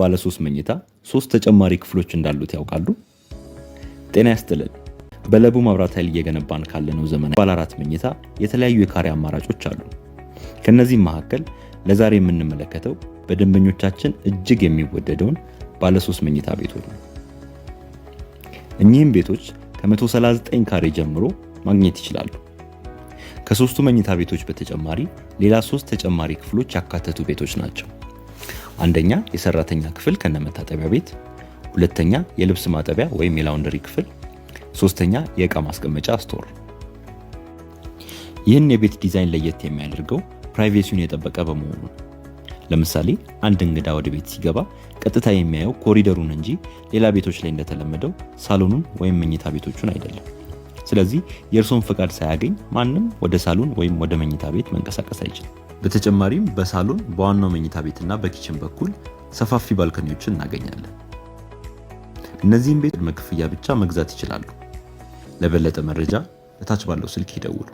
ባለሶስት መኝታ ሶስት ተጨማሪ ክፍሎች እንዳሉት ያውቃሉ? ጤና ያስጥልን። በለቡ መብራት ኃይል እየገነባን ካለነው ዘመን ባለ አራት መኝታ የተለያዩ የካሬ አማራጮች አሉ። ከነዚህም መካከል ለዛሬ የምንመለከተው በደንበኞቻችን እጅግ የሚወደደውን ባለሶስት መኝታ ቤቶች ነው። እኚህም ቤቶች ከ139 ካሬ ጀምሮ ማግኘት ይችላሉ። ከሶስቱ መኝታ ቤቶች በተጨማሪ ሌላ ሶስት ተጨማሪ ክፍሎች ያካተቱ ቤቶች ናቸው። አንደኛ የሰራተኛ ክፍል ከነመታጠቢያ ቤት፣ ሁለተኛ የልብስ ማጠቢያ ወይም የላውንደሪ ክፍል፣ ሶስተኛ የእቃ ማስቀመጫ ስቶር። ይህን የቤት ዲዛይን ለየት የሚያደርገው ፕራይቬሲውን የጠበቀ በመሆኑ ለምሳሌ አንድ እንግዳ ወደ ቤት ሲገባ ቀጥታ የሚያየው ኮሪደሩን እንጂ ሌላ ቤቶች ላይ እንደተለመደው ሳሎኑን ወይም መኝታ ቤቶቹን አይደለም። ስለዚህ የእርሶን ፈቃድ ሳያገኝ ማንም ወደ ሳሎን ወይም ወደ መኝታ ቤት መንቀሳቀስ አይችልም። በተጨማሪም በሳሎን በዋናው መኝታ ቤትና በኪችን በኩል ሰፋፊ ባልከኒዎችን እናገኛለን። እነዚህም ቤት ቅድመ ክፍያ ብቻ መግዛት ይችላሉ። ለበለጠ መረጃ እታች ባለው ስልክ ይደውሉ።